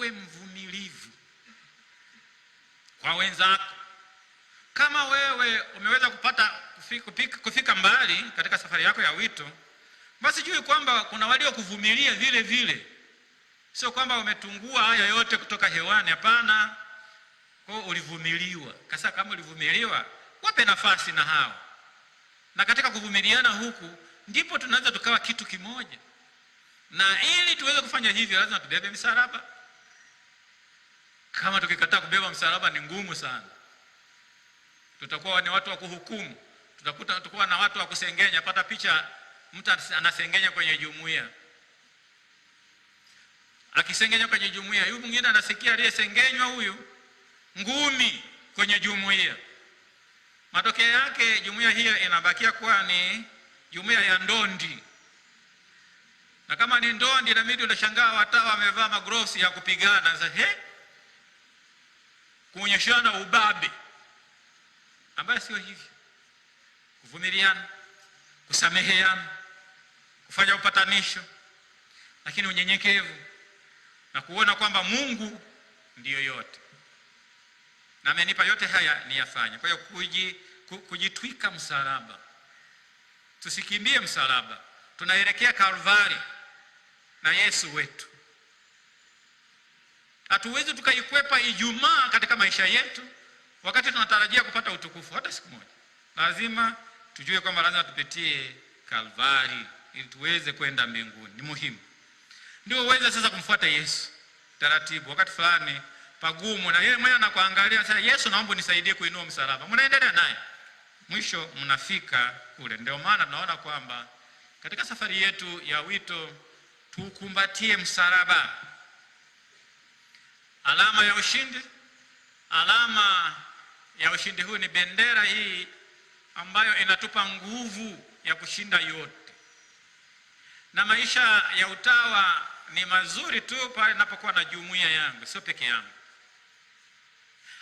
uwe mvumilivu kwa wenzako. Kama wewe umeweza kupata kufika, kufika mbali katika safari yako ya wito, basi jui kwamba kuna waliokuvumilia vile vile. Sio kwamba umetungua haya yote kutoka hewani, hapana. Kwa ulivumiliwa. Kasa kama ulivumiliwa, wape nafasi na hao, na katika kuvumiliana huku ndipo tunaweza tukawa kitu kimoja, na ili tuweze kufanya hivyo lazima tubebe msalaba. Kama tukikataa kubeba msalaba ni ngumu sana, tutakuwa ni watu wa kuhukumu, tutakuta tutakuwa na watu wa kusengenya. Pata picha, mtu anasengenya kwenye jumuiya, akisengenya kwenye jumuiya, yule mwingine anasikia aliyesengenywa huyu ngumi kwenye jumuiya. Matokeo yake jumuiya hiyo inabakia kuwa ni jumuiya ya ndondi, na kama ni ndondi, na mimi ndio nashangaa watawa wamevaa magrosi ya kupigana. Sasa hey! kuonyeshana ubabe, ambayo sio hivyo, kuvumiliana, kusameheana, kufanya upatanisho, lakini unyenyekevu na kuona kwamba Mungu ndiyo yote na amenipa yote haya niyafanye. Kwa hiyo kujitwika msalaba, tusikimbie msalaba, tunaelekea Kalvari na Yesu wetu. Hatuwezi tukaikwepa Ijumaa katika maisha yetu, wakati tunatarajia kupata utukufu hata siku moja. Lazima tujue kwamba lazima tupitie Kalvari ili tuweze kwenda mbinguni. Ni muhimu ndio uweze sasa kumfuata Yesu taratibu. Wakati fulani pagumu, na yeye mwenyewe anakuangalia sasa, Yesu, naomba unisaidie kuinua msalaba. Mnaendelea naye, mwisho mnafika kule. Ndio maana tunaona kwamba katika safari yetu ya wito tukumbatie msalaba alama ya ushindi. Alama ya ushindi huu ni bendera hii ambayo inatupa nguvu ya kushinda yote, na maisha ya utawa ni mazuri tu pale ninapokuwa na jumuiya yangu, sio peke yangu,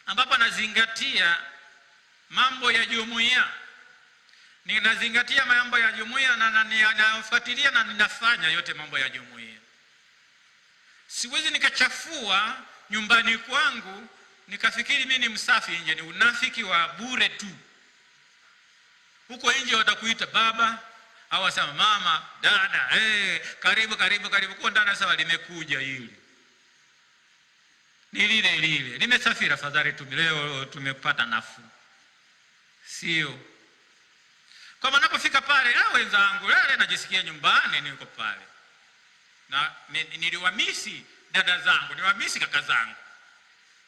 ambapo nazingatia mambo ya jumuiya, ninazingatia mambo ya jumuiya na ninayofuatilia na ninafanya yote mambo ya jumuiya. Siwezi nikachafua nyumbani kwangu nikafikiri mimi ni msafi nje. Ni unafiki wa bure tu. Huko nje watakuita baba au wasema mama, dada, hey, eh, karibu karibu karibu. Kwa ndani sawa, limekuja hili ni lile lile, nimesafiri afadhali tu leo, tumepata nafuu, sio maana napofika pale ah, wenzangu, najisikia nyumbani, niko pale na niliwamisi dada zangu, wamisi kaka zangu.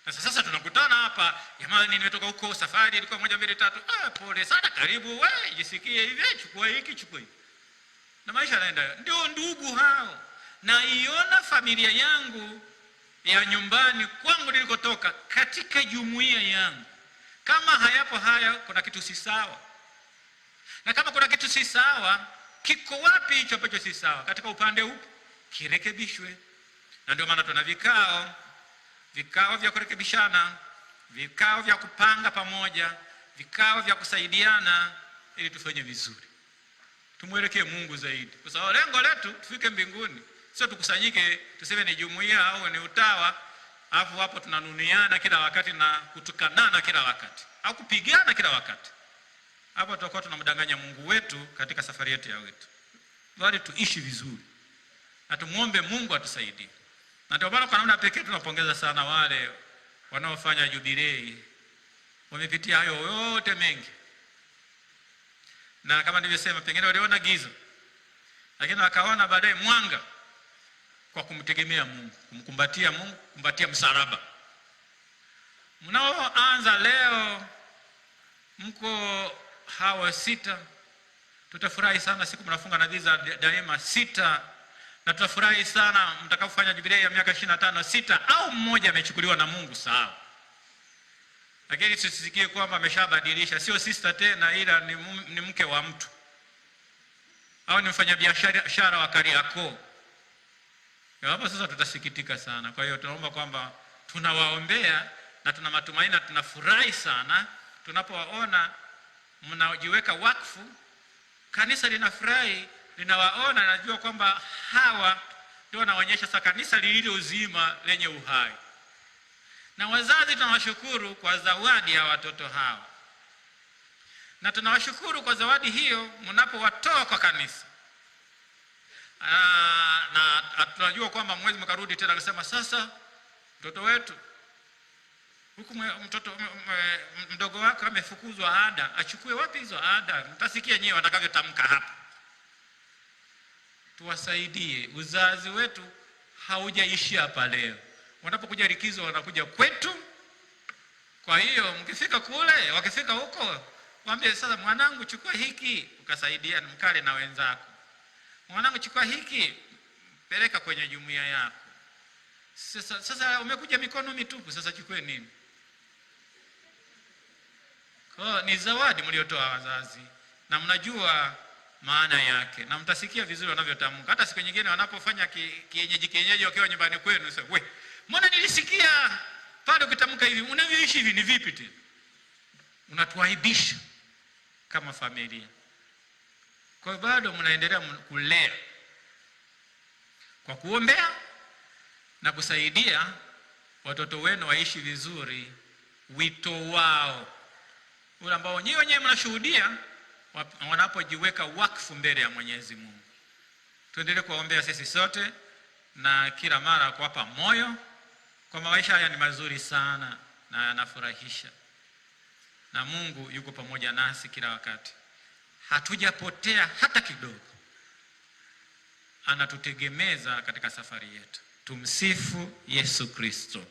Sasa sasa tunakutana hapa, jamani, nimetoka huko, safari ilikuwa moja mbili tatu. Ah, pole sana, karibu we, jisikie hivi, eh, chukua hiki, chukua hiki, na maisha yanaenda. Ndio ndugu hao. Naiona familia yangu ya nyumbani kwangu nilikotoka katika jumuiya yangu. Kama hayapo haya, kuna kitu si sawa, na kama kuna kitu si sawa, kiko wapi hicho ambacho si sawa? Katika upande upi? Kirekebishwe na ndio maana tuna vikao, vikao vya kurekebishana, vikao vya kupanga pamoja, vikao vya kusaidiana, ili tufanye vizuri, tumwelekee Mungu zaidi, kwa sababu lengo letu tufike mbinguni, sio tukusanyike tuseme ni jumuiya au ni utawa, alafu hapo tunanuniana kila wakati na kutukanana kila wakati au kupigana kila wakati. Hapo tutakuwa tunamdanganya Mungu wetu katika safari yetu ya wetu, bali tuishi vizuri na tumwombe Mungu atusaidie na ndio maana kwa namna pekee tunapongeza sana wale wanaofanya jubilei, wamepitia hayo yote mengi, na kama nilivyosema, pengine waliona giza, lakini wakaona baadaye mwanga kwa kumtegemea Mungu, kumkumbatia Mungu, kumkumbatia msalaba. Mnaoanza leo mko hawa sita, tutafurahi sana siku mnafunga nadhiri za daima sita na tutafurahi sana mtakapofanya jubilei ya miaka ishirini na tano sita au mmoja amechukuliwa na Mungu sawa, lakini tusisikie kwamba ameshabadilisha, sio sister tena, ila ni, ni mke wa mtu au ni mfanyabiashara wa Kariakoo. Hapo sasa tutasikitika sana. Kwa hiyo tunaomba kwamba tunawaombea na tuna matumaini na tunafurahi sana tunapowaona mnajiweka wakfu, kanisa linafurahi ninawaona, najua kwamba hawa ndio wanaonyesha sasa kanisa lililo uzima lenye uhai. Na wazazi tunawashukuru kwa zawadi ya watoto hawa, na tunawashukuru kwa zawadi hiyo mnapowatoa kwa kanisa. Aa, ah, na ah, tunajua kwamba mwezi mkarudi tena akasema sasa, mtoto wetu huku mtoto mdogo wako amefukuzwa ada, achukue wapi hizo ada? Mtasikia nyewe watakavyotamka hapa tuwasaidie. Uzazi wetu haujaishia hapa leo, wanapokuja likizo wanakuja kwetu. Kwa hiyo mkifika kule, wakifika huko, mwambie sasa, mwanangu chukua hiki, ukasaidia mkale na wenzako. Mwanangu chukua hiki, peleka kwenye jumuiya yako. Sasa, sasa umekuja mikono mitupu, sasa chukue nini? Kwa ni zawadi mliotoa wazazi, na mnajua maana yake, na mtasikia vizuri wanavyotamka. Hata siku nyingine wanapofanya kienyeji kienyeji wakiwa nyumbani kwenu, sasa we, mbona nilisikia pale ukitamka hivi? Unavyoishi hivi ni vipi tena? Unatuaibisha kama familia. Kwa hiyo bado mnaendelea kulea kwa kuombea na kusaidia watoto wenu waishi vizuri wito wao ule ambao nyinyi wenyewe mnashuhudia wanapojiweka wakfu mbele ya Mwenyezi Mungu. Tuendelee kuwaombea sisi sote na kila mara kuwapa moyo kwa maisha haya ni mazuri sana na yanafurahisha, na Mungu yuko pamoja nasi kila wakati, hatujapotea hata kidogo, anatutegemeza katika safari yetu. Tumsifu Yesu Kristo.